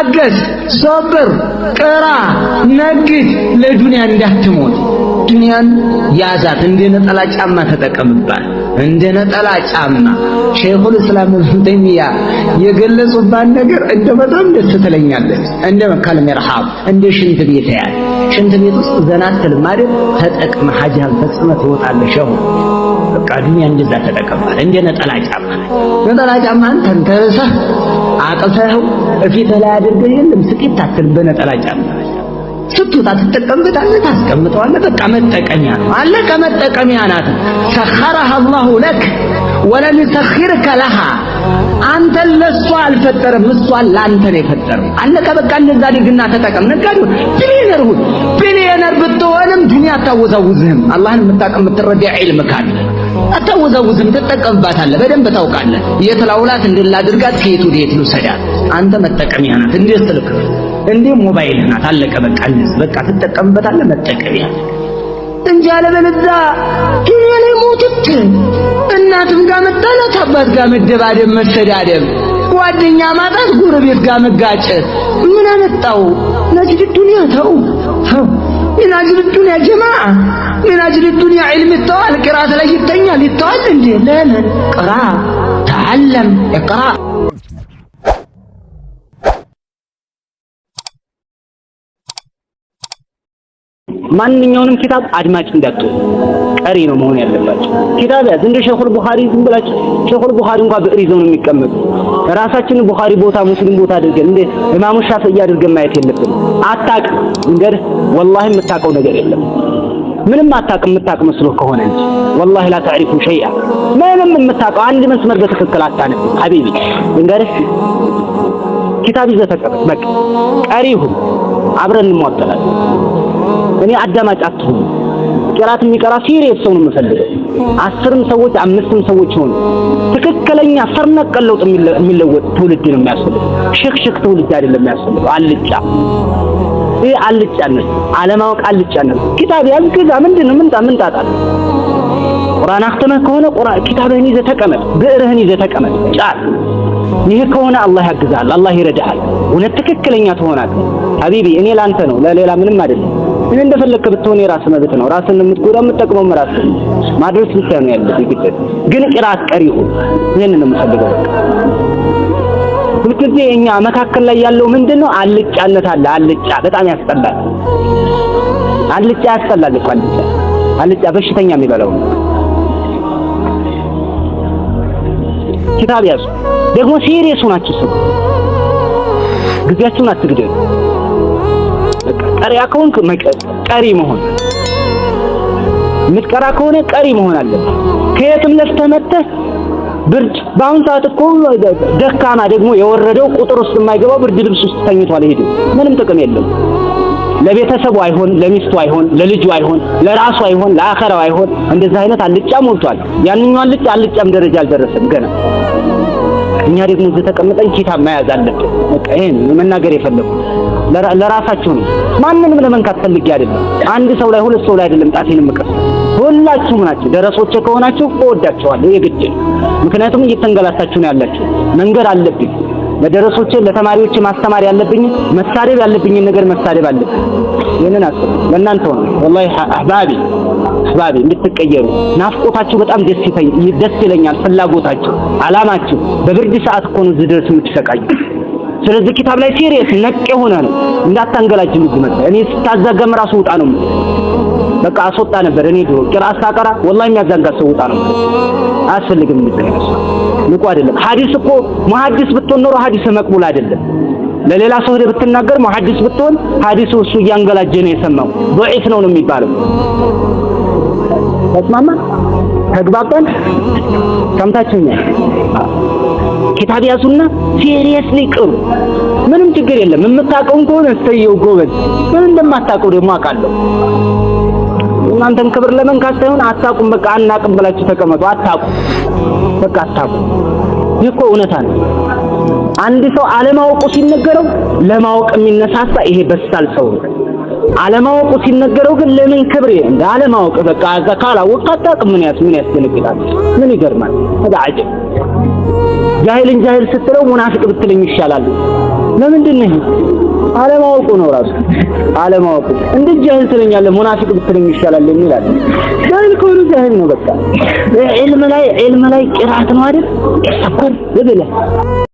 ታገስ፣ ሶብር፣ ቅራ፣ ነግድ ለዱንያ እንዳትሞት ዱንያን ያዛት፣ እንደ ነጠላ ጫማ ተጠቀምባት፣ እንደ ነጠላ ጫማ። ሸይኹል እስላም ኢብኑ ተይሚያ የገለጹባት ነገር እንደ በጣም ደስ ትለኛለች። እንደ መካል መርሃብ፣ እንደ ሽንት ቤት ያል ሽንት ቤት ውስጥ ዘና አትልም አይደል? ተጠቅመህ ሀጃህን ትወጣለህ። ሸሁ በቃ ዱንያ እንደዛ ተጠቀምባት፣ እንደ ነጠላ ጫማ። ነጠላ ጫማህን ተንተርሰህ አቅፈኸው እፊትህ ላይ አድርገህ የለም ስቂት አትልም በነጠላ ጫማ ስትወጣ ትጠቀምበታለህ፣ ታስቀምጠዋለህ። በቃ መጠቀሚያ ነው አለ ከመጠቀሚያ ናት። ሰኸረሃ አላሁ ለክ ወለም ዩሰኺርከ ለሃ አንተን ለሷ አልፈጠረም፣ እሷን ለአንተ ነው የፈጠረው። አለቀ በቃ። እንደዛ ዲግና ተጠቀም። ነጋዴ ቢሊየነር ሁን፣ ቢሊየነር ብትሆንም ዱንያ አታወዛውዝህም። አላህን የምታውቅም የምትረዳ ዒልም ካለ አታወዛውዝም፣ ትጠቀምባታለህ፣ በደንብ ታውቃለህ። የት ላውላት፣ እንድላድርጋት፣ ከየት ወደ የት ልውሰዳት? አንተ መጠቀሚያ ናት። እንዴት ስልክ እንዴ ሞባይል ናት፣ አለቀ በቃ እንደዚህ በቃ ትጠቀምበታለህ፣ መጠቀሚያ እንጂ አለበለዚያ ዱንያ ላይ ሞትክ እናትም ጋር መጣላት፣ አባት ጋር መደባደብ፣ መሰዳደብ፣ ጓደኛ ማጣት፣ ጎረቤት ጋር መጋጨት ምን አመጣው? ናጅድ ዱንያ ተው ምን አጅል ዱንያ ጀማ ምን አጅል ዱንያ ዒልም ይተዋል፣ ቅራት ላይ ይተኛል፣ ይተዋል እንዴ ለለ ቅራ ተዓለም ይቅራ ማንኛውንም ኪታብ አድማጭ እንዳጡ ቀሪ ነው መሆን ያለባቸው። ኪታብ ያዝ እንደ ሸኹል ቡኻሪ ዝም ብላችሁ ሸኹል ቡኻሪ እንኳን ብዕር ይዘው ነው የሚቀመጡ። ራሳችንን ቡኻሪ ቦታ ሙስሊም ቦታ አድርገን እንደ ኢማሙ ሻፊዒ አድርገን ማየት የለብን አታቅ እንገር ወላሂ የምታውቀው ነገር የለም። ምንም አታውቅም የምታውቅ መስሎህ ከሆነ እንጂ ወላሂ ላ ተዕሪፉ ሸይአ ምንም የምታውቀው አንድ መስመር በትክክል አታነብ ሀቢቢ እንግዲህ ኪታብ ይዘህ ተቀመጥ። በቃ ቀሪሁን አብረን እንሟጠላለን። እኔ አዳማጭ አትሆኑ። ቅራት የሚቀራ ሲሪየስ ሰው ነው የምፈልገው። አስርም ሰዎች አምስትም ሰዎች ሆኑ ትክክለኛ ስር ነቀል ለውጥ የሚለወጥ ትውልድ ነው የሚያስፈልገው። ሽክሽክ ትውልድ አይደለም የሚያስፈልገው። አልጫ ይህ አልጫነት፣ አለማወቅ አልጫነት። ኪታብ ያዝ ግዛ፣ ምንድነው ምን ምን ጣጣል? ቁርአን አክተመህ ከሆነ ቁርአን ኪታብህን ይዘህ ተቀመጥ፣ ብዕርህን ይዘህ ተቀመጥ። ጫት ይህ ከሆነ አላህ ያግዛል፣ አላህ ይረዳሃል። እውነት ትክክለኛ ትሆናለህ። ሀቢቢ እኔ ላንተ ነው፣ ለሌላ ምንም አይደለም። ምን እንደፈለግክ ብትሆን የራስ መብት ነው። ራስን የምትጎዳ የምትጠቅመው ራስህ ማድረስ ብቻ ነው ያለብህ። ግጭት ግን ቅራት ቀሪ ይሁን። ይሄንን ነው የምፈልገው። ሁልጊዜ እኛ መካከል ላይ ያለው ምንድነው? አልጫነት አለ። አልጫ በጣም ያስጠላል። አልጫ ያስጠላል እኮ አልጫ አልጫ በሽተኛ የሚበላው ኪታብ ያዙ። ደግሞ ሲሪየስ ሆናችሁ ጊዜያችሁን አትግደሉ። ቀሪያ ከሆንክ ቀሪ መሆን የምትቀራ ከሆነ ቀሪ መሆን አለብህ። ከየትም ለፍተህ መጥተህ ብርድ በአሁን ሰዓት እኮ ደካማ ደግሞ የወረደው ቁጥር ውስጥ የማይገባው ብርድ ልብስ ውስጥ ተኝቷል። ይሄዱ ምንም ጥቅም የለም። ለቤተሰቡ አይሆን፣ ለሚስቱ አይሆን፣ ለልጁ አይሆን፣ ለራሱ አይሆን፣ ለአኸራው አይሆን። እንደዚህ አይነት አልጫ ሞልቷል። ያንኛው አልጫ አልጫም ደረጃ አልደረሰም ገና። እኛ ደግሞ እዚህ ተቀምጠን ኪታብ መያዝ አለብን። በቃ ይሄን መናገር የፈለኩት ለራሳቸው ነው። ማንንም ለመንካት ፈልጌ አይደለም። አንድ ሰው ላይ ሁለት ሰው ላይ አይደለም ጣቴን የምቀስ ሁላችሁም ናችሁ። ደረሶች ከሆናችሁ እወዳችኋለሁ የግድ ምክንያቱም እየተንገላታችሁ ነው ያላችሁ። መንገድ አለብኝ ለደረሶች ለተማሪዎች ማስተማር ያለብኝ መሳደብ ያለብኝን ነገር መሳደብ አለብኝ። ይህንን አስቡ። ለእናንተው ነው ወላሂ አህባቢ አህባቢ እንድትቀየሩ ናፍቆታችሁ በጣም ደስ ይለኛል። ፍላጎታችሁ፣ አላማችሁ በብርድ ሰዓት እኮ ነው እዚህ የምትሰቃዩ ስለዚህ ኪታብ ላይ ሲሪየስ ነቅ የሆነ ነው። እንዳታንገላጅ ልጅ መጣ። እኔ ስታዘገም ራሱ ውጣ ነው በቃ አስወጣ ነበር። እኔ ድሮ ቅራ አስታቀራ ወላሂ የሚያዛጋ ሰው ውጣ ነው። አያስፈልግም። ልጅ ነው ንቁ አይደለም። ሐዲስ እኮ መሐዲስ ብትሆን ኖሮ ሐዲስ መቅቡል አይደለም። ለሌላ ሰው ብትናገር መሐዲስ ብትሆን ሐዲሱ እሱ እያንገላጀ ነው የሰማው ዶዒፍ ነው ነው የሚባለው። ተስማማ ተግባባን። ሰምታችሁኛል። ኪታብ ያዙና ሲሪየስሊ ቅሩ። ምንም ችግር የለም። የምታውቀውን ከሆነ እሰየው ጎበዝ። ምን እንደማታውቀው ደግሞ አውቃለሁ። እናንተን ክብር ለመንካት ሳይሆን አታውቁም፣ በቃ አናውቅም ብላችሁ ተቀመጡ። አታውቁም፣ በቃ አታውቁም። ይህ እኮ እውነታ ነው። አንድ ሰው አለማወቁ ሲነገረው ለማወቅ የሚነሳሳ ይሄ በሳል ሰው ነው። አለማወቁ ሲነገረው ግን ለምን ክብር እንደ አለማወቅ በቃ እዛ ካላወቅ አታውቅም። ምን ያስ ምን ያስደነግጣል? ምን ይገርማል? አዳ አጀብ ጃሂልን ጃሂል ስትለው ሙናፊቅ ብትለኝ ይሻላል። ለምንድን ነው አለማወቁ ነው ራሱ አለማወቁ። እንዴት ጃሂል ትለኛለህ ሙናፊቅ ብትለኝ ይሻላል የሚላል ጃሂል ከሆነ ጃሂል ነው በቃ። ዒልም ላይ ዒልም ላይ ቅራት ነው አይደል? ሰኮን ብለህ